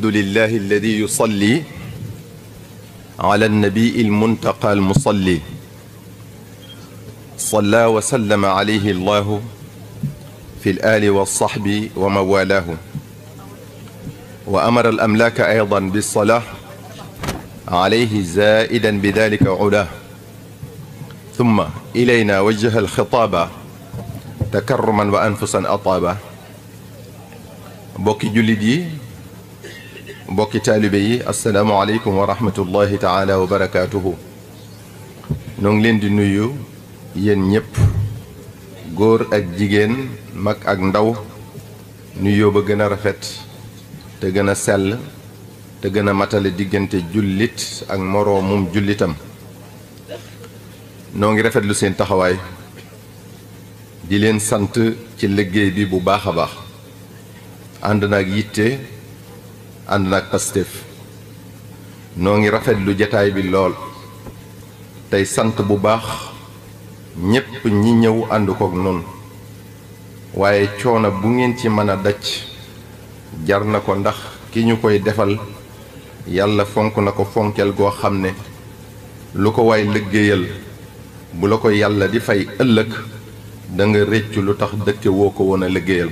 الحمد لله الذي يصلي على النبي المنتقى المصلي صلى وسلم عليه الله في الآل والصحب وموالاه وأمر الأملاك أيضا بالصلاة عليه زائدا بذلك علاه ثم إلينا وجه الخطاب تكرما وأنفسا أطابا بوكي جلدي mbokki taalibe yi asalaamaaleykum wa rahmatullahi taala wa barakaatuhu noo ngi leen di nuyu yéen ñëpp góor ak jigéen mag ak ndaw nuyoo ba gën a rafet te gën a sell te gën a matale diggante jullit ak moroomum jullitam noo ngi rafetlu seen taxawaay di leen sant ci liggéey bi bu baax a baax ànd na ak yitte andak naag Pastef noo ngi rafetlu jataay bi lol tay sante bu bax ñépp ñi ñëw ànd ak non waye choona bu ngeen ci mën dacc daj jar na ko ndax ki ñu koy defal yàlla fonk na ko fonkeel goo xam ne lu ko waay liggéeyal bu la ko yàlla di fay ëlëk da nga rëccu lu tax dëkke woo ko woon liggéeyal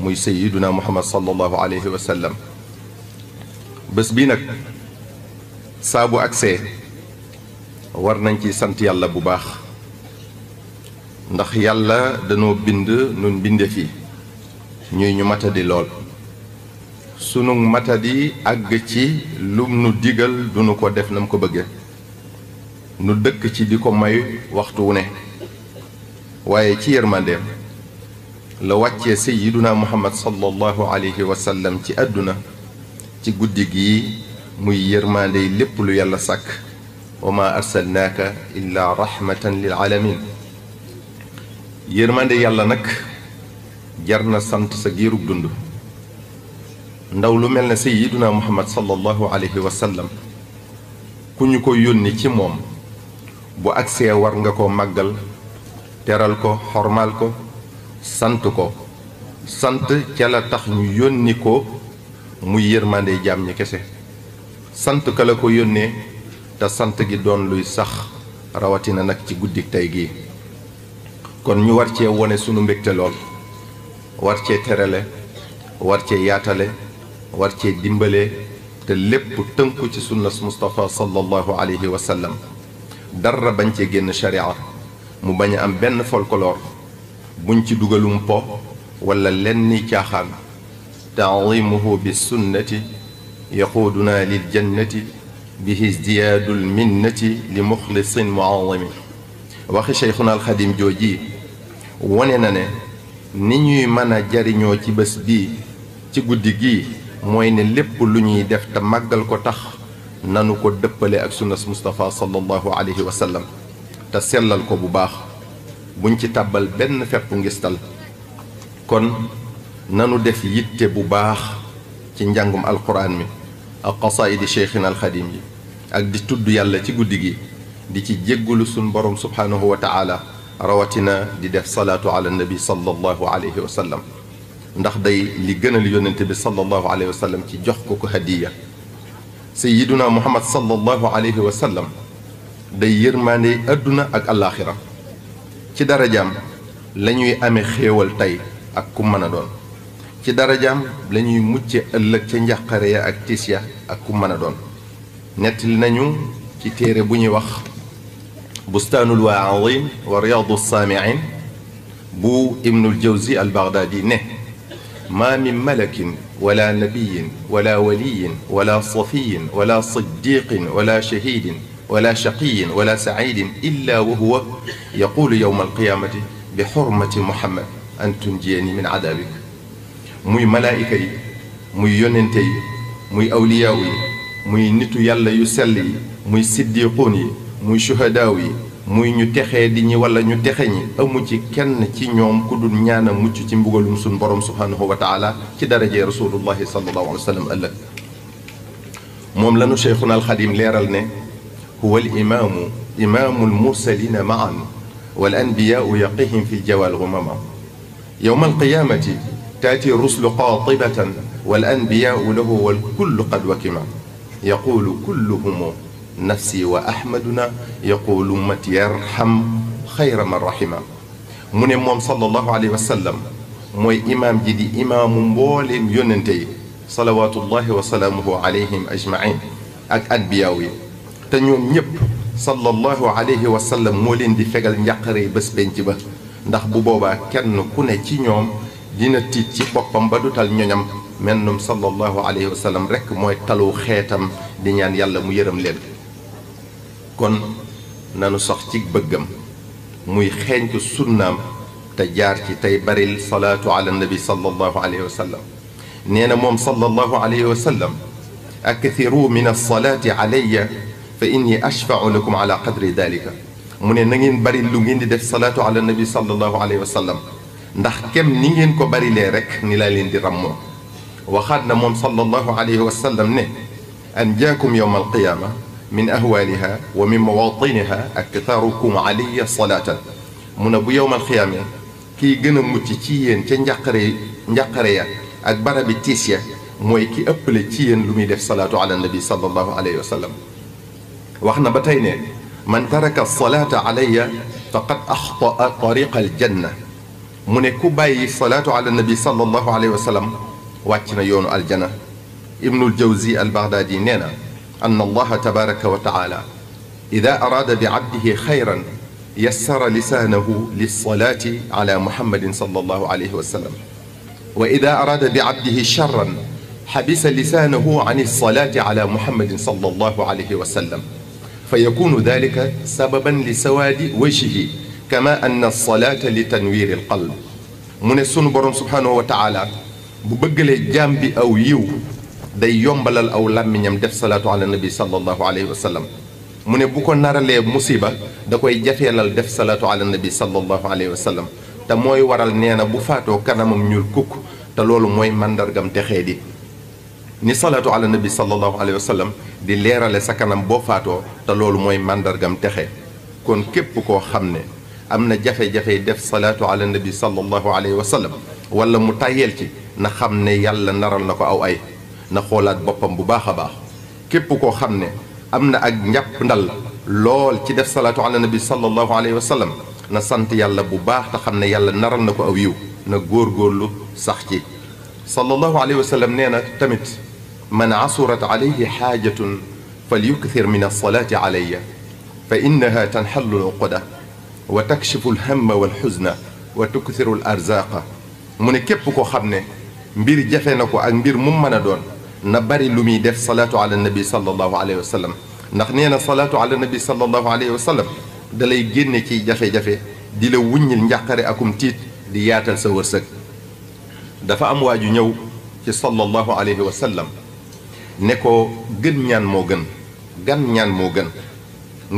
muy sayyiduna muhammad sallallahu alayhi wa sallam bés bii nag saa bu agsee war nañ ci sant yàlla bu baax ndax yàlla danoo bind nun bindeef yi ñuy ñu di lool sunu matadi àgg ci lum nu digal duñu ko def nam ko bëgge nu dëkk ci di ko may waxtu wu ne waaye ci yërmandeem la wàccee sayyiduna muhammad sallallahu alayhi wa sallam ci àdduna ci guddi gi muy yermande lépp lu yàlla sak wa ma illa rahmatan lil alamin yermande yàlla nak jarna sante sant sa giru dund ndaw lu melne sayyiduna muhammad sallallahu alayhi wa sallam ku ko yónni ci mom bu akse war nga ko magal teral ko hormal ko sante ko sante ci la tax ñu yónni ko muy yërmande jaam ñi kese sant ka la ko yónnee te sant gi doon luy sax rawatina nag ci guddi tey gii kon ñu war cee wone sunu mbégte lool war cee terale war cee yaatale war cee dimbale te lépp tënku ci sunnas Mustafa sallallahu alayhi wa sallam dara bañ cee génn sharia mu bañ am benn folklore buñ ci dugalum po wala lenn caaxaan تعظيمه بالسنة يقودنا للجنة به ازدياد المنة لمخلص معظم واخي شيخنا الخادم جوجي ونننا نيني مانا جاري نيوتي بس بي تي قدقي موين لب لني دف تمقل كتخ نانو كو دبالي اكسونس مصطفى صلى الله عليه وسلم تسلل كو بباخ بنتي تابل بن فبنجستل كون nanu def yitte bu baax ci njàngum alquran mi ak qasaayidi cheikhina alxadim yi ak di tudd yàlla ci guddi gi di ci jéggulu sun borom subhaanahu wa taala rawatina di def salaatu ala nabi sallallahu alayhi wa sallam ndax day li gënal yónnente bi sallallahu alayhi wa sallam ci jox ko ko hadiya sayiduna muhammad sallallahu alayhi wa sallam day yërmaande adduna ak alaxira ci darajaam la ñuy amee xéewal tey ak ku mën a doon ci dara jam lañuy mucce ëlëk ci njàqare ya ak tisya ak ku mëna doon nettali nañu ci téré bu ñuy wax bustanul waazin wa riyaadu samiin bu ibn al jawzi al baghdadi ne ma min malakin ولا نبي ولا ولي ولا صفي ولا صديق ولا شهيد ولا شقي ولا سعيد إلا وهو يقول يوم القيامة بحرمة محمد أن تنجيني من عذابك muy malaika yi muy yonente yi muy awliya yi muy nitu yàlla yu sel yi muy siddiqun yi muy shuhada yi muy ñu texé di ñi wala ñu texe ñi amu ci kenn ci ñoom ku dul ñaan mucc ci mbugalum suñ borom subhanahu wa taala ci daraje rasulullah sallallahu alaihi wasallam sallam mom lañu lanu al khadim leral ne huwa imam al mursalin maan wal anbiyaau yaqihim fi ljawaal gumama yowma تأتي الرسل قاطبة والأنبياء له والكل قد وكما يقول كلهم نفسي وأحمدنا يقول أمتي يرحم خير من رحمه من إمام صلى الله عليه وسلم مو إمام جدي إمام بول يننتي صلوات الله وسلامه عليهم أجمعين أك أنبياوي تنيوم يب صلى الله عليه وسلم مولين دي فقل يقري بس بنتبه ndax bu boba kenn ku ne ci ñoom dina tiit ci boppam ba du tal ñoñam mennum sallallahu alayhi wa sallam rek mooy talu xeetam di ñaan yàlla mu yërëm leen kon nanu sox ci bëggam muy xeeñtu sunnaam te jaar ci tey baril salaatu ala nabi sallallahu alayhi wa sallam nee na moom sallallahu alayhi wa sallam akthiru min alsalaati alayya fa inni ashfau lakum ala qadri dalika mu ne na ngeen bari lu ngeen di def salaatu ala nabi sallallahu alayhi wa sallam ndax kem ni ngeen ko bari le rek ni la len di ràmmoo waxaat na moom sallallahu alayhi wa sallam ne an jaakum yawm al qiyamah min ahwalha wa min mawatinha aktharukum alayya salatan mun bu yawm al qiyamah ki a mucc ci yéen ci njàqare njàqare ya ak barabi tisya moy ki eppele ci yéen lu muy def salatu ala nabi sallallahu alayhi wa sallam waxna batay ne man taraka alsalaata alayya faqad axtaa tariqa aljanna mune ku bayyi على النبي صلى الله عليه وسلم واتنا يون الجنة ابن الجوزي البغدادي al ان الله تبارك وتعالى اذا اراد بعبده خيرا يسر لسانه للصلاه على محمد صلى الله عليه وسلم واذا اراد بعبده شرا حبس لسانه عن الصلاه على محمد صلى الله عليه وسلم فيكون ذلك سببا لسواد وجهه كما أن الصلاة لتنوير القلب من qalb برم سبحانه وتعالى borom subhaanahu أو يو دي يوم بلال أو aw من day yombalal aw làmmiñam def salaatu ala nabi sallallahu alayhi wa sallam mu ne bu ko naralee musiba da koy jafeelal def salaatu ala nabi sallallahu alayhi wa sallam te mooy waral nee na bu faatoo kanamam màndargam ni salatu ala nabi sallallahu alayhi wa sallam di leralé sakanam bo faato ta lolou moy màndargam texe kon képp ko xamné amna jafe-jafe def salatu ala nabi sallallahu alayhi wa sallam wala mu tayel ci na xamné yàlla naral nako aw ay na xoolaat bopam bu baax a baax képp koo xam ne ak ñap ndal lol ci def salatu ala nabi sallallahu alayhi wa sallam na sant yàlla bu baax ta xamné yàlla naral nako aw yiw na gor góorgóorlu sax ci sallallahu alayhi wa sallam neena tamit man asurat alayhi hajatun falyukthir min alsalaati alayya fa innaha tanxallu uqda وتكشف الهم والحزن وتكثر الارزاق من كيب كو خامني مبير جافينا كو اك مبير مومنا دون نبري لومي ديف صلاه على النبي صلى الله عليه وسلم نخ نينا صلاه على النبي صلى الله عليه وسلم دالاي ген تي جافي جافي دي لا وغنيل نياخاري اكوم تيت دي ياتال سا ورسك دا فا ام واجو نييو تي صلى الله عليه وسلم نيكو گن نيان مو گن گن نيان مو گن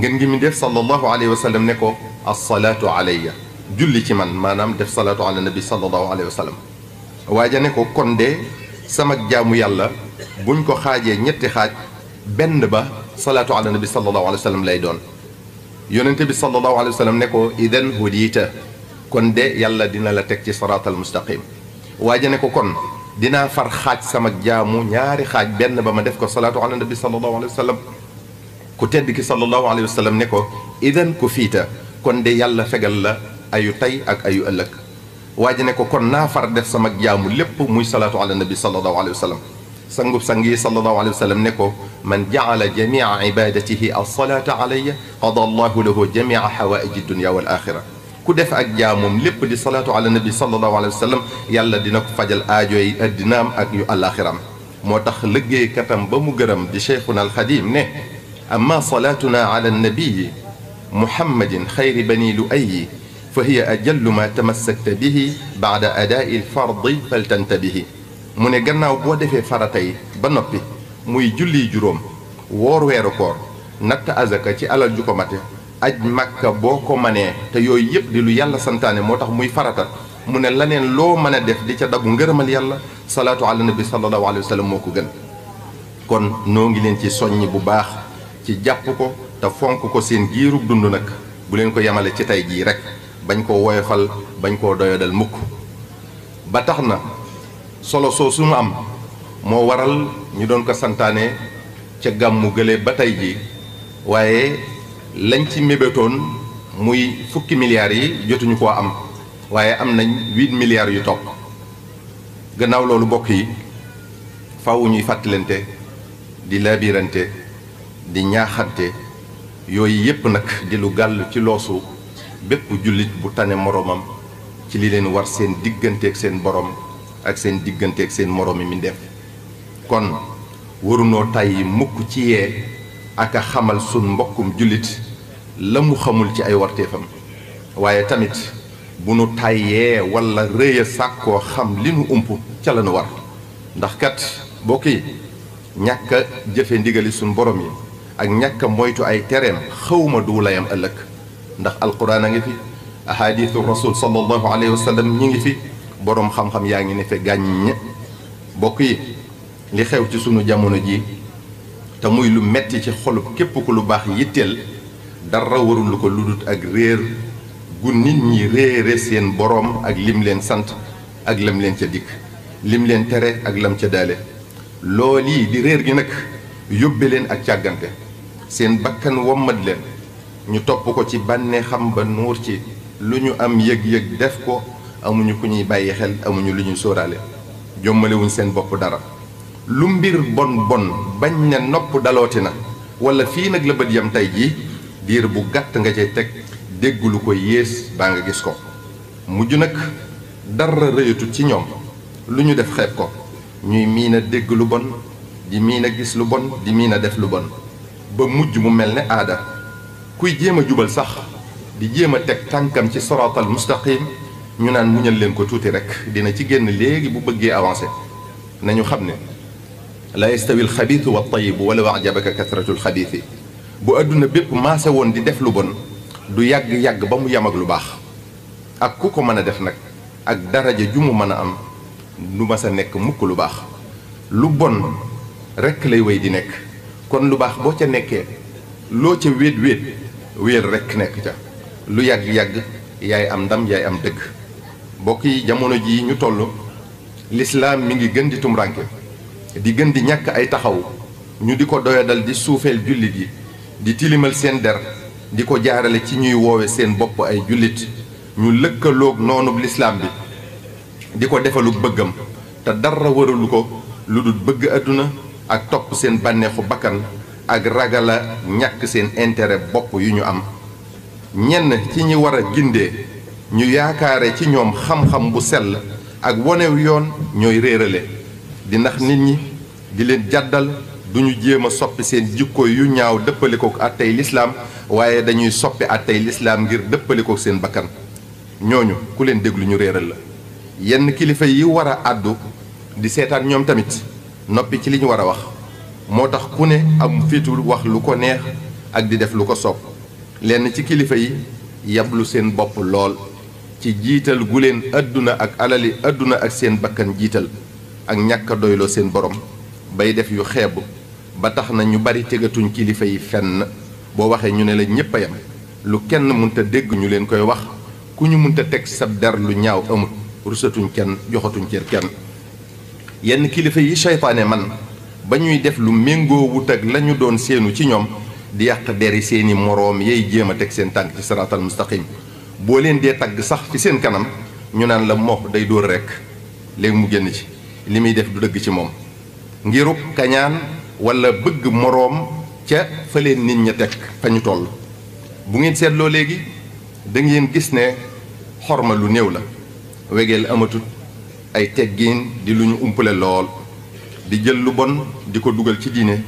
گن گيمي ديف صلى الله عليه وسلم نيكو assalaatu alayya julli ci man maanaam def salaatu ala nabi sallallahu alayhi wa sallam waaja ne ko kon de sama jaamu yàlla buñ ko xaajee ñetti xaaj benn ba salaatu ala nabi sallallahu alayhi wa sallam lay doon yonente bi sallallahu alayhi wa sallam ne ko idan hudiita kon de yàlla dina la teg ci siraatal mustaqim waaja ne ko kon dinaa far xaaj sama jaamu ñaari xaaj benn ba ma def ko salaatu ala nabi sallallahu alayhi wa sallam ku tedd ki sallallahu alayhi wa sallam ne ko idan ku fiita kon de yàlla fegal la ayu tay ak ayu ëllëg waji ne ko kon na far def sama jaamu lépp muy salatu ala nabi sallallahu alayhi wasallam sangu sangi sallallahu alayhi wasallam ne ko man jaala jamia ibadatihi as-salata alayya qada allahu lahu jamia hawaij ad-dunya wal akhirah ku def ak jaamoom lépp di salatu ala nabi sallallahu alayhi wasallam yàlla dina ko fajal aajo yi addinaam ak yu alaxiram moo tax liggéeykatam ba mu geureum di cheikhuna al-khadim ne amma salatuna ala an nabiyi محمد خير بني لؤي فهي أجل ما تمسكت به بعد أداء الفرض فلتنتبه mu ne gannaaw boo defee farata yi ba noppi muy julli juróom woor weeru koor natt azaka ci alal ju ko mate aj màkka boo ko manee te yooyu yëpp di lu yàlla santaane moo tax muy farata mu ne laneen loo mën a def di ca dabu ngërëmal yàlla salaatu ala nabi sallallahu alayhi wa sallam moo ko gën kon noo ngi leen ci soññ bu baax ci jàpp ko te fonk ko seen giirug dund nag bu leen ko yemale ci tey jii rek bañ koo woyofal bañ koo doyadal mukk ba tax na solo soo suñu am moo waral ñu doon ko santaane ca gàmmu gële ba tey jii waaye lañ ci mébétoon muy fukki milliards yi jotuñu koo am waaye am nañ huit milliards yu topp gannaaw loolu bokk yi faaw ñuy fàttalante di labirante di ñaaxante yooyu yépp nag di lu gàll ci loosu bépp jullit bu tane moroomam ci li leen war seen digganteeg seen boroom ak seen digganteeg seen moroomi mi def kon warunoo tàyyi mukk ci yee ak a xamal sun mbokkum jullit la mu xamul ci ay warteefam waaye tamit bu nu tàyyee wala rëy sàkkoo xam li nu ump ca la war ndax kat bokk ñàkk a jëfe ndigali sun borom yi ak ñàkk moytu ay tereem xawma duulayam ëllëg ndax alquran a ngi fi ahadithu rasul sallallahu alayhi wa sallam ñi ngi fi boroom xam-xam yaa ngi ne fe gàññ bokk yi li xew ci sunu jamono ji te muy lu metti ci xolub képp ku lu baax yitteel dara warul ko lu dut ak réer gu nit ñi réere seen boroom ak lim leen sant ak lam leen ca dikk lim leen tere ak lam ca daale lool yi di réer gi nag yóbbe leen ak càggante seen bakkan wommat leen ñu topp ko ci bànneexam ba nuur ci lu ñu am yëg-yëg def ko amuñu ku ñuy bàyyi xel amuñu lu ñuy sóoraale jommalewuñ seen bopp dara lu mbir bon bon bañ na nopp dalooti na wala fii nag la bët yam tey jii diir bu gàtt nga cay teg dégg ko yées baa nga gis ko mujj nag dara rëyatu ci ñoom lu ñu def xeeb ko ñuy miin a dégg lu bon di miin a gis lu bon di miin a def lu bon ba mujj mu mel ne aada kuy jema jubal sax di jema tek tànkam ci siratal mustaqim ñu naan muñal leen ko tuti rek dina ci génn legi bu bëggee avancer nañu xamne la yastawi al khabith wa at-tayyib wa law ajabaka kathratu al khabith bu aduna bépp maase won di def lu bon du yag yag ba mu yam ak lu bax ak kuko ko def nak ak daraja ju mu mën am du mas a nekk mukk lu bax lu bon rek lay way di nek kon lu baax boo ca nekkee loo ca wéet wéet wéet rekk nekk ca lu yàgg-yàgg yaay am ndam yaay am dëgg mbokk yi jamono jii ñu toll lislaam mi ngi gën di tumranke di gën di ñàkk ay taxaw ñu di ko doyadal di suufeel jullit yi di tilimal seen der di ko jaarale ci ñuy woowe seen bopp ay jullit ñu lëkkalook noonub lislaam bi di ko defalug bëggam te dara waralu ko lu dul bëgg àdduna ak topp seen bànneexu bakkan ak ragala ñàkk seen intérêt bopp yu ñu am ñenn ci ñi war a gindee ñu yaakaare ci ñoom xam-xam bu sell ak wonew yoon ñooy réerale di ndax nit ñi di leen jàddal duñu jéem a soppi seen jikko yu ñaaw dëppale ko ak lislaam waaye dañuy soppi ak tey lislaam ngir dëppale seen bakkan ñooñu ku leen déglu ñu réeral la yenn kilifa yi war a àddu di seetaan ñoom tamit noppi ci li ñu war a wax moo tax ku ne am fitul wax lu ko neex ak di def lu ko sopp lenn ci kilifa yi yablu seen bopp lool ci jiital gu leen àdduna ak alali àdduna ak seen bakkan jiital ak ñàkk doyloo seen borom bay def yu xeeb ba tax na ñu bari tegatuñ kilifa yi fenn boo waxee ñu ne la ñépp a lu kenn mënta dégg ñu leen koy wax ku ñu mënta teg sab dar lu ñaaw amul rusatuñ kenn joxatuñ cër kenn yenn kilifa yi seytaane man ba ñuy def lu méngoo wut ak lañu doon séenu ci ñoom di yàq deri seeni moroom yay jéem a teg seen tànk ci siraatal mustaqim boo leen dee tagg sax ci seen kanam ñu naan la moo day dóor rekk léegi mu génn ci li muy def du dëgg ci moom ngirub kañaan walla bëgg moroom ca fa leen nit ña teg fa ñu toll bu ngeen seetloo léegi da ngeen gis ne xorma lu néew la wegeel amatut ay teggiin di lu ñu umpale lool di jël lu bon di ko dugal ci diine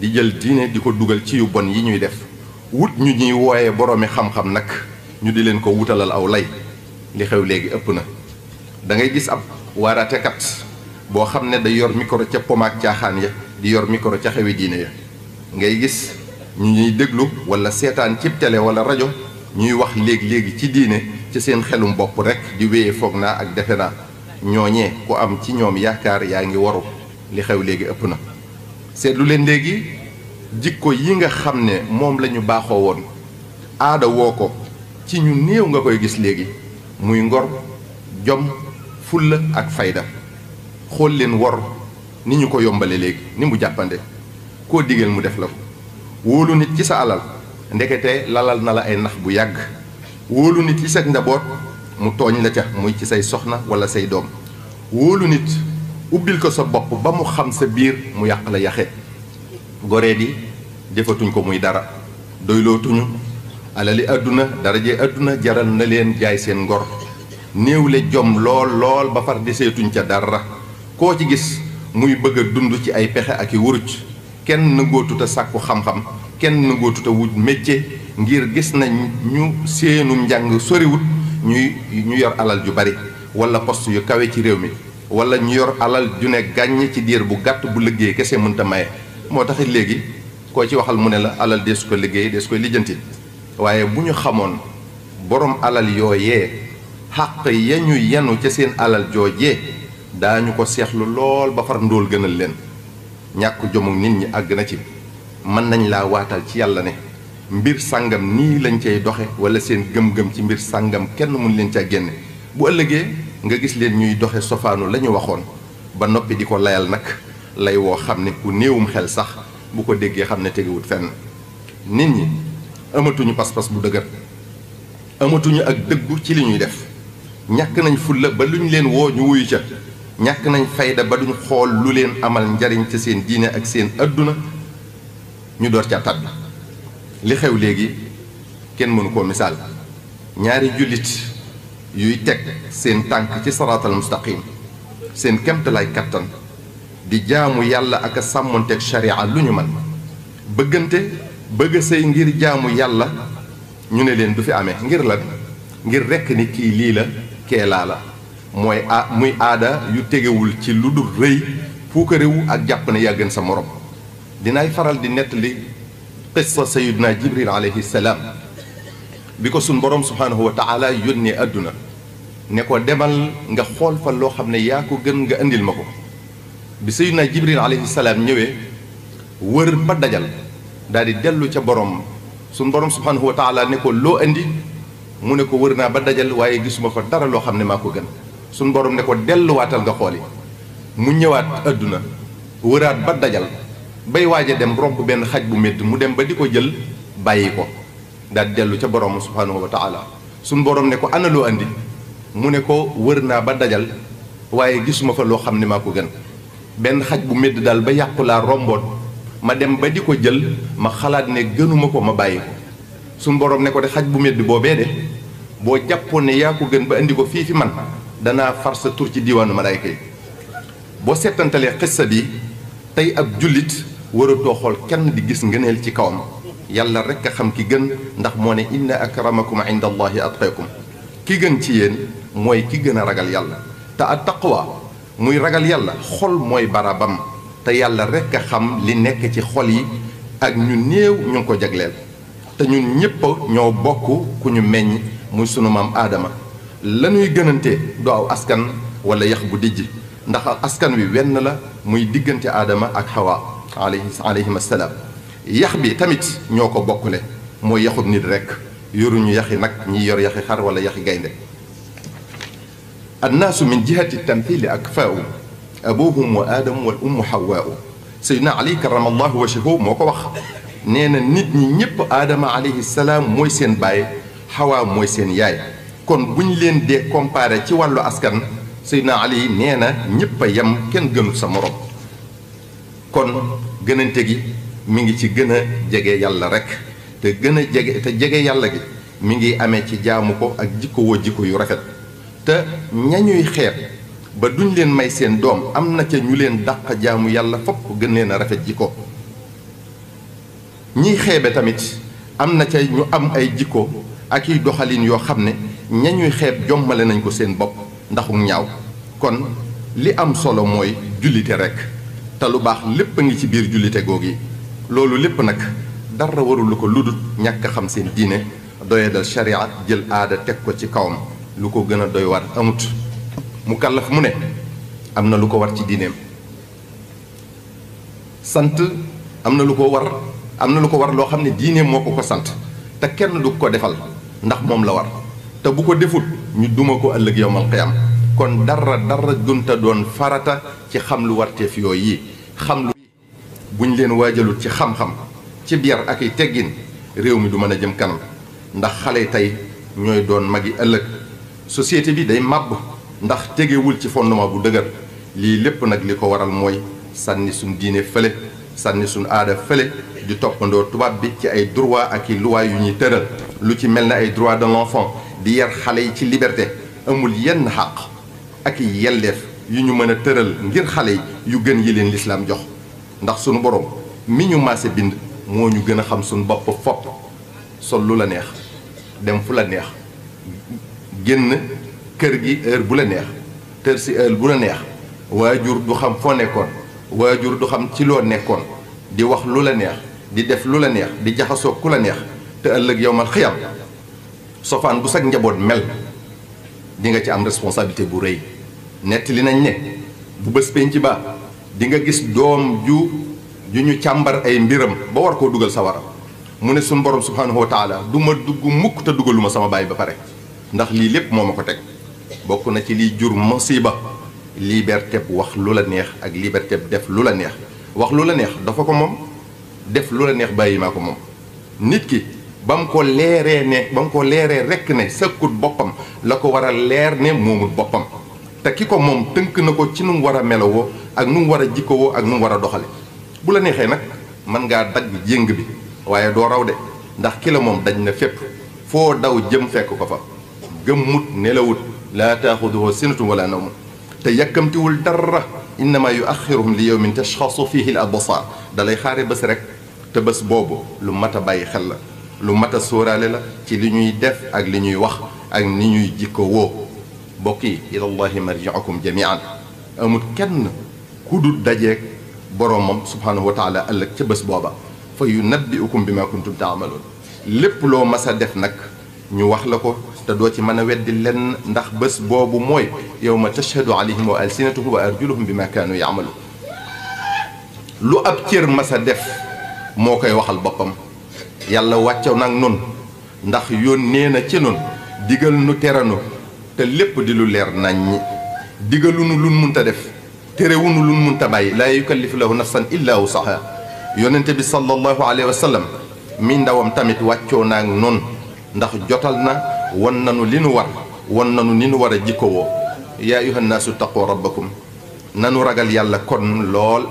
di jël diine di ko dugal ci yu bon yi ñuy def wut ñu ñuy wooyee boroomi xam-xam nag ñu di leen ko wutalal aw lay li xew léegi ëpp na da ngay gis ab waraate kat boo xam ne da yor micro ca pomaak caaxaan ya di yor micro ca xewi diine ya ngay gis ñu ñuy déglu wala seetaan cib tele wala rajo ñuy wax léeg léegi ci diine ci seen xelum bopp rek di wéyee foog naa ak defe naa ñooñee ku am ci ñoom yaakaar yaa ngi waru li xew léegi ëpp na seetlu leen léegi jikko yi nga xam ne moom la ñu baaxoo woon aada woo ko ci ñu néew nga koy gis léegi muy ngor jom fulla ak fayda xool leen wor ni ñu ko yombale léegi ni mu jàppande koo digal mu def la ko wóolu nit ci sa alal ndekete lalal na la ay nax bu yàgg wóolu nit ci sa njaboot mu tooñ la ca muy ci say soxna wala say doom wóolu nit ubbil ko sa bopp ba mu xam sa biir mu yàq la yaxe goree di jëfatuñ ko muy dara doylootuñu alali àdduna dara daraje àdduna jaral na leen jaay seen ngor néewle jomm lool lool ba far deseetuñ ca dara koo ci gis muy bëgg a dund ci ay pexe ak i wuruj kenn nëgootuta sàkku xam-xam kenn nëgootuta wut métier ngir gis nañ ñu seenu njàng soriwut ñuy ñu yor alal ju bari wala poste yu kawe ci réew mi wala ñu yor alal ju ne gàññ ci diir bu gàtt bu liggéey kese mënta maye moo taxit léegi koo ci waxal mu ne la alal su ko liggéey dees ko lijjanti waaye bu ñu xamoon borom alal yooyee xàq ya ñu yenu ca seen alal joojee daañu ko seexlu lool ba far ndóol gënal leen ñàkk jomuk nit ñi àgg na ci mën nañ laa waatal ci yàlla ne mbir sàngam nii lañ cay doxe wala seen gëm-gëm ci mbir sàngam kenn mun leen ca génne bu ëllëgee nga gis leen ñuy doxe sofaanu la ñu waxoon ba noppi di ko layal nag lay woo xam ne ku néewum xel sax bu ko déggee xam ne tegewut fenn nit ñi amatuñu pas-pas bu dëgër amatuñu ak dëggu ci li ñuy def ñàkk nañ fulla ba lu ñu leen woo ñu wuyu ca ñàkk nañ fayda ba duñ xool lu leen amal njariñ ca seen diine ak seen adduna ñu door ca tàbbi li xew léegi kenn mënu koo misaal ñaari jullit yuy teg seen tànk ci saraatal mustaqim seen kemtalaay kattan di jaamu yàlla ak a sàmmonteeg sharia lu ñu man bëggante bëgg sëy ngir jaamu yàlla ñu ne leen du fi amee ngir lan ngir rekk ni kii lii la keelaa la mooy muy aada yu tegewul ci lu dul rëy puukarewu ak jàpp ne yaa sa morom dinaay faral di nettali qissa sayiduna jibril alayhi salaam bi ko sun borom subhaanahu wa taala yónnee àdduna ne ko demal nga xool fa loo xam ne yaa ko gën nga indil ma ko bi sayiduna jibril alayhi salaam ñëwee wër ba dajal daal di dellu ca borom sun borom subhaanahu wa taala ne ko loo indi mu ne ko wër naa ba dajal waaye gisuma fa dara loo xam ne maa ko gën sun borom ne ko delluwaatal nga xooli mu ñëwaat àdduna wëraat ba dajal bay waaj a dem romb benn xaj bu métti mu dem ba di ko jël bàyyi ko daal dellu ca borom subhaanahu wa taala suñ borom ne ko ana loo mu ne ko wër naa ba dajal waaye gisuma fa loo xam ne maa ko gën benn xaj bu métti daal ba yàqu laa romboon ma dem ba di ko jël ma xalaat ne gënuma ko ma bàyyi ko suñ borom ne ko de xaj bu métti boobee de boo jàppoon ne yaa ko gën ba indi ko fii fi man danaa far sa tur ci diiwaanu malaayka yi boo seetantalee xissa bi tey ab jullit waratoo xool kenn di gis ngëneel ci kawam yàlla rek a xam ki gën ndax moo ne inna akramakum inda allahi atqakum ki gën ci yéen mooy ki gën a ragal yàlla te at taqwa muy ragal yàlla xol mooy barabam te yàlla rek a xam li nekk ci xol yi ak ñu néew ñu ngi ko jagleel te ñun ñépp ñoo bokk ku ñu meññ muy sunu maam aadama lañuy gënante du aw askan wala yax bu dijj ndax askan wi wenn la muy diggante aadama ak xawaa alayhi alayhim assalaam yax bi tamit ñoo ko bokkule mooy yaxub nit rek yoruñu yaxi nag ñi yor yaxi xar wala yaxi gaynde annaasu min jihati tamthili akfaau abuhum wa aadamu wal ummu hawaau saydna ali karama allahu wajahu moo ko wax nee na nit ñi ñépp aadama alayhi salaam mooy seen baay xawaa mooy seen yaay kon bu ñu leen dee comparé ci wàllu askan saydna ali nee na ñépp a yem kenn gënu sa morom kon gënante gi mi ngi ci gën a jege yàlla rek te gën a jege te jege yàlla gi mi ngi amee ci jaamu ko ak jikko woo jikko yu rafet te ña ñuy xeeb ba duñ leen may seen doom am na ca ñu leen dàq jaamu yàlla fopp gën leen a rafet ko ñiy xeebe tamit am na ca ñu am ay jikko ak yi doxalin yoo xam ne ñañuy xeeb jommale nañ ko seen bopp ndaxu ñaaw kon li am solo mooy jullite rekk te lu baax lépp a ngi ci biir jullite yi loolu lépp nag dara warul ko ludut ñàkk xam seen diine doyadal sharia jël aada teg ko ci kawam lu ko gën a doy war amut mu kàllaf mu ne am na lu ko war ci diineem sant am na lu ko war am na lu ko war loo xam ne diineem moo ko ko sant te kenn du ko defal ndax moom la war te bu ko defut ñu duma ko ëllëg yowmal qiyaam kon dara dara gunta doon farata ci xam lu warteef yooyu yi xam lu buñ leen waajalut ci xam-xam ci biir ak yi teggin réew mi du mën a jëm kanam ndax xale tey ñooy doon mag yi ëllëg société bi day màbb ndax tegewul ci fondement bu dëgër lii lépp nag li ko waral mooy sànni suñ diine fële sànni suñ aada fële di toppandoo tubaab bi ci ay droit ak i loi yu ñuy tëral lu ci mel ne ay droit de l'enfant di yar xale yi ci liberté amul yenn xàq ak i yelleef yu ñu mëna teural ngir xalé yu gën yi leen l'islam jox ndax suñu borom mi ñu maase bind mo ñu gëna xam suñu bop fop sol lu la neex dem fu la neex genn kër gi heure bu la neex teur si heure bu la neex wajur du xam fo nekkon wajur du xam ci lo nekkon di wax lu la neex di def lu la neex di jaxaso ku la neex te ëlëk yowmal xiyam sofaan bu sax njabot mel di nga ci am responsabilité bu reuy nettali nañ ne bu bés penc ba di nga gis doom ju ju ñu càmbar ay mbiram ba war koo dugal sawara mu ne suñu borom subhaanahu wa taala du ma dugg mukk te dugaluma sama baay ba pare ndax lii lépp moom ma ko teg bokk na ci liy jur masiba liberté wax lu la neex ak liberté bu def lu la neex wax lu la neex dafa ko moom def lu la neex bàyyi maa ko moom nit ki ba mu ko leeree ne ba mu ko leeree rekk ne sëkkut boppam la ko war a leer ne moomul boppam takiko mom teunk nako ci num wara war ak num wara war wo ak num wara doxale bu la nexé nak man nga dag jeng bi waye do raw de ndax kila mom dañ na fep fo daw jëm fekk ko fa gëmmut nelawut la ta'khudhu sinatun wala nawm te wul dara inma yu'akhiruhum li yawmin tashkhasu fihi al-absar dalay xare bés rek te bés bobu lu mata baye xel la lu mata sorale la ci li ñuy def ak li ñuy wax ak ni ñuy jikko wo mbokk yi ilallahi marji'ukum jami'an amul kenn ku dul dajeeg boromam subhaanahu wa taala ëllëg ca bés booba fa yunabbi'ukum bimaa kuntum ta'maluun lépp loo mas a def nag ñu wax la ko te doo ci mën a weddi lenn ndax bés boobu mooy yawma tashhadu alayhim wa alsinatuhum wa arjuluhum bimaa kaanu ya'maluun lu ab cër mas a def moo koy waxal boppam yàlla wàccaw nag nun ndax yónnee na ci nun digal nu teranu te lépp di lu leer naññ digalunu lun munta def terewunu lun munta bay la yukallifu lahu nafsan illa wusaha yonente bi sallallahu alayhi wa sallam mi ndawam tamit wàccoo nak non ndax jotal na wan nanu liñu war won nanu niñu wara jikko wo ya yaa nasu taqu rabbakum nanu ragal yàlla kon lol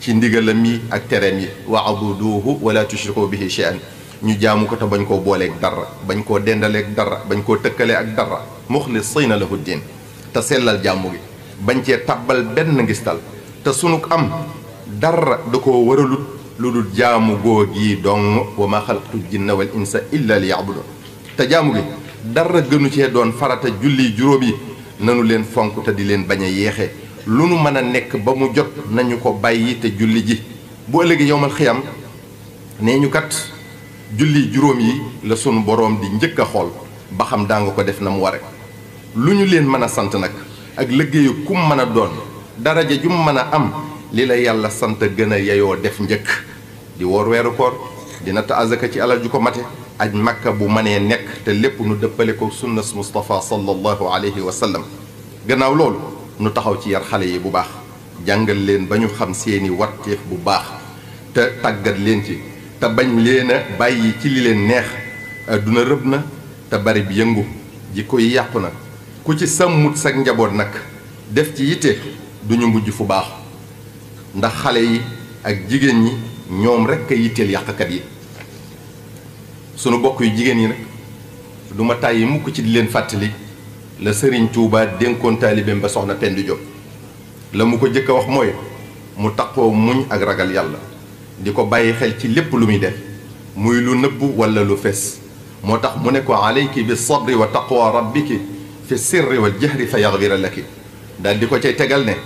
ci ndigal mi ak tereem yi wa abuduhu wala tushriku bihi shay'an ñu jaamu ko te bañ koo booleeg dara bañ koo dendaleeg dara bañ koo tëkkale ak dara na lahu diin te sellal jaamu gi bañ cee tabbal benn ngistal te sunuk am dara da ko waralut lu dul jaamu góor gii dong wa ma xalaqtu jinna wal insa illa li yabudun te jaamu gi dara gënu cee doon farata julli juróom yi nanu leen fonk te di leen bañ a yéexe lu nu mën a nekk ba mu jot nañu ko bàyyi te julli ji bu ëllëgee yowmal xiyam nee ñu kat julli juróom yi la sunu borom di njëkk a xool ba xam daa nga ko def na mu ware lu ñu leen mën a sant nag ak liggéeyu kum mën a doon daraja jum mën a am li la yàlla sant gën a yeyoo def njëkk di woor weeru koor dina ta ci alal ju ko mate aj makka bu mënee nekk te lépp nu dëppale ko sunnas Mustafa sallallahu alayhi wa sallam gannaaw loolu nu taxaw ci yar xale yi bu baax jàngal leen ba ñu xam seeni warteef bu baax te tàggat leen ci te bañ leen a bàyyi ci li leen neex adduna rëb na te bari bi yëngu jikko yi yàqu na ku ci sàmmut sag njaboot nag def ci yitte duñu mujj fu baax ndax xale yi ak jigéen ñi ñoom rekk a yitteel yàqkat yi sunu bokk yu jigéen ñi nag du ma tàyyi mukk ci di leen fàttali la sëriñ Tuubaa dénkoon taalibeem ba soxna Penda Diop la mu ko jëkk a wax mooy mu taqoo muñ ak ragal yàlla diko baye xel ci lépp lu muy def muy lu nëbbu wala lu fess motax muneko alayki bis sabri wa taqwa rabbiki fi sirri wal jahri fayaghfir yaxfira laki daal di ko tegal ne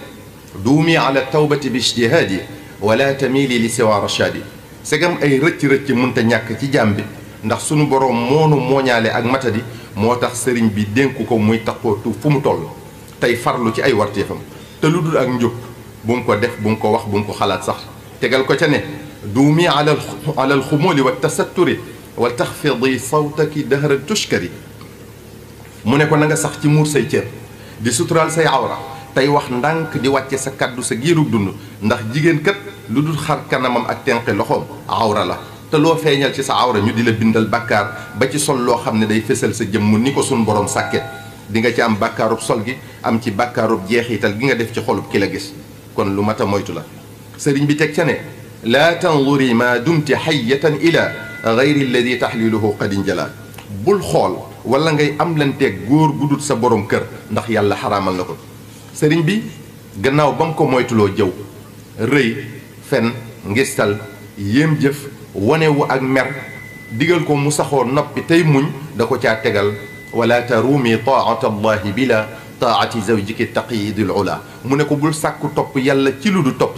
dumi ala tawbati bi ijtihaadi wala tamili li siwa rashadi segam ay rëcc-rëcc munta ñak ci jambi ndax sunu borom moonu moñale ak matadi moo tax sëriñ bi dénku ko muy taqoo tu fu mu toll tay farlu ci ay wartefam te luddul ak njub bu mu ko def bu mu ko wax bu mu ko xalat sax tegal ko ca ne دومي على على الخمول والتستر ولتخفضي صوتك دهرا تشكري mu ne ko na nga sax ci muur say cër di suturaal say awra tey wax ndànk di wàcce sa kàddu sa giirug dund ndax jigéen kat lu dul xar kanamam ak tenqi loxoom awra la te loo feeñal ci sa awra ñu di la bindal bàkkaar ba ci sol loo xam ne day fésal sa jëmm ni ko sun borom sàkke di nga ci am bàkkaarub sol gi am ci bàkkaarub jeexital gi nga def ci xolub ki la gis kon lu mat a moytu la sëriñ bi teg ca ne لا تنظري ما دمت حية إلى غير الذي تحلله قد انجلى بول خول ولا غاي املانتي غور غودوت سا بوروم كير ناخ يالا حرامال نكو بي غناو بام كو مويتلو جو ري فن غيستال ييم جيف وانيو اك مير ديغال كو مسخو نوبي تاي موغ ولا ترومي طاعة الله بلا طاعة زوجك التقي ذي العلا مونيكو بول ساكو توب يالا تي لودو توب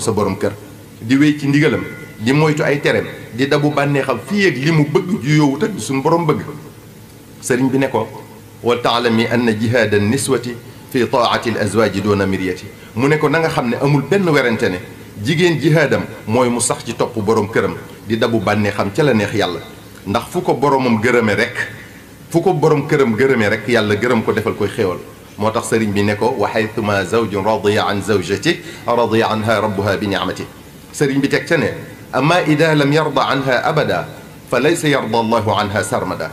di wéy ci ndigalam di moytu ay téréb di dabu bànneexam fi ak limu bëgg ju yowu tak suñu borom bëgg sëriñ bi neko wa wal taalami anna an niswati fi taati al azwaj doona miryati mu neko na nga xamné amul benn werante ne jigéen jihaadam mooy mu sax ci top borom kërëm di dabu bànneexam ci la neex yàlla ndax fu ko boromam gërëme rek fu ko borom kërëm gëreëmé rek yàlla gëreëm ko defal koy xéewal moo tax sëriñ bi ne ko wa xaytuma zawjun radiya an zawjati radiya anha rabbuha bi nicmati سرين بتكتنه أما إذا لم يرضى عنها أبدا فليس يرضى الله عنها سرمدا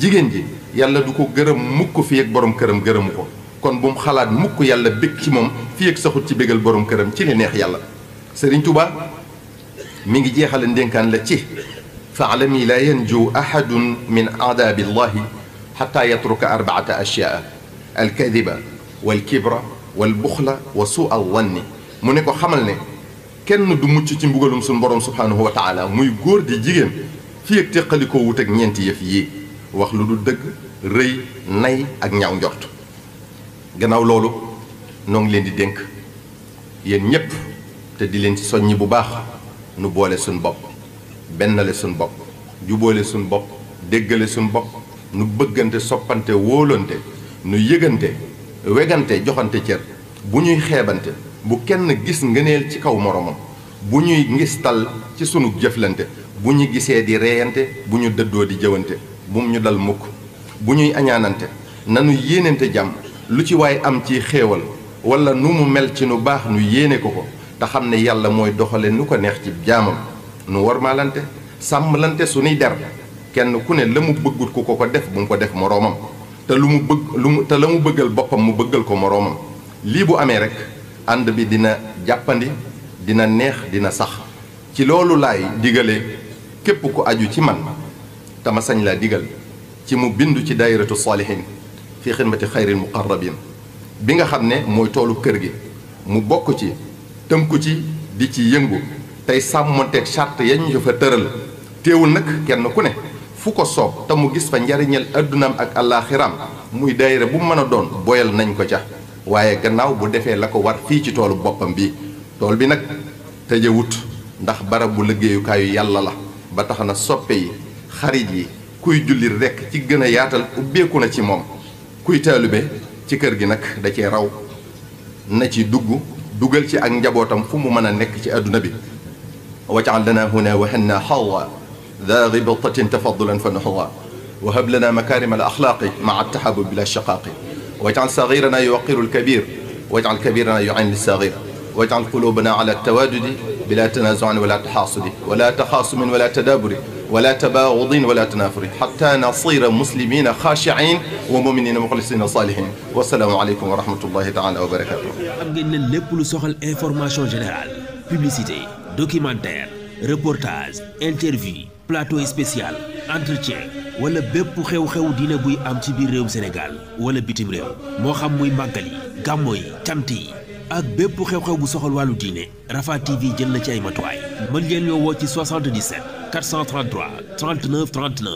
جيجنجي يلا دوكو غرم مكو فيك بروم كرم غرم كو كون بوم خالات مكو يلا بيك فيك سخوت تي بيغل بروم كرم تي لي يلا سيرين توبا ميغي جيخال ندينكان كان لتي فعلمي لا ينجو احد من عذاب الله حتى يترك اربعه اشياء الكذبه والكبرة والبخلة وسوء الظن مونيكو خمال kenn du mucc ci mbugalum suñu borom subhaanahu wa taala muy góor di jigéen fii ak téqalikoo wut ak ñeenti yëf yii wax lu dul dëgg rëy nay ak ñaaw njort gannaaw loolu noo ngi leen di dénk yéen ñépp te di leen ci soññi bu baax nu boole suñ bopp bennale suñ bopp juboole suñ bopp déggale sun bopp nu bëggante soppante wóolante nu yëgante wegante joxante cër bu ñuy xeebante bu kenn gis ngëneel ci kaw moromam bu ñuy ngis tal ci sunu jëflante bu ñu gisee di reyante bu ñu dëddoo di jëwante bum ñu dal mukk bu ñuy añaanante nanu yéenante jàmm lu ci waay am ci xéewal wala nu mu mel ci nu baax nu yéene ko ko te xam ne yàlla mooy doxale nu ko neex ci jaamam nu warmaalante sàmmlante sunuy der kenn ku ne la mu bëggut ku ko ko def bu mu ko def moroomam te lu mu bëgg mu te la mu bëggal boppam mu bëggal ko moroomam lii bu amee rek ànd bi dina jàppandi dina neex dina sax ci loolu laay digale képp ku aju ci man tama sañ laa digal ci mu bindu ci daayiratu saalihin fi xidmati xayril muqarrabin bi nga xam ne mooy toolu kër gi mu bokk ci tënku ci di ci yëngu tey sàmmonteeg charte yañ ñu fa tëral teewul nag kenn ku ne fu ko soob te mu gis fa njariñal addunaam ak àllaaxiraam muy daayira bu mën a doon boyal nañ ko ca waye gannaaw bu defé lako war fi ci tolu bopam bi tol bi nak teje wut ndax barab bu liggeeyu kayu yàlla la ba taxna soppe yi xarit yi kuy julli rek ci gëna yaatal ubbeeku na ci mom kuy talube ci kër gi nak da ci raw na ci duggu duggal ci ak njabotam fu mu mën nek ci aduna bi waj'al lana huna wa hanna hawa ذا غبطة تفضلا فنحوها وهب لنا مكارم الأخلاق مع التحبب بلا الشقاق واجعل صغيرنا يوقر الكبير واجعل كبيرنا يعين الصغير واجعل قلوبنا على التوادد بلا تنازع ولا تحاصد ولا تخاصم ولا تدابر ولا تباغض ولا تنافر حتى نصير مسلمين خاشعين ومؤمنين مخلصين صالحين والسلام عليكم ورحمة الله تعالى وبركاته am لب leen lépp lu soxal information générale publicité documentaire reportage interview plateau spécial entretien wala bépp xew-xew diine buy am ci biir réewum Sénégal wala bitim réew moo xam muy màggal ou gàmmo yi yi ak bépp xew-xew bu soxal TV jël na ci ay matuwaay woo ci 77 433 39 39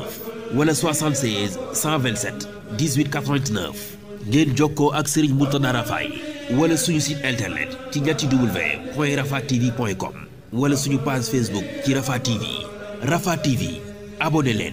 wala 76 127 18 89 ngeen jokkoo ak Serigne wala suñu site internet ci ñetti w point Rafa TV wala suñu page Facebook ci TV Rafa TV abonné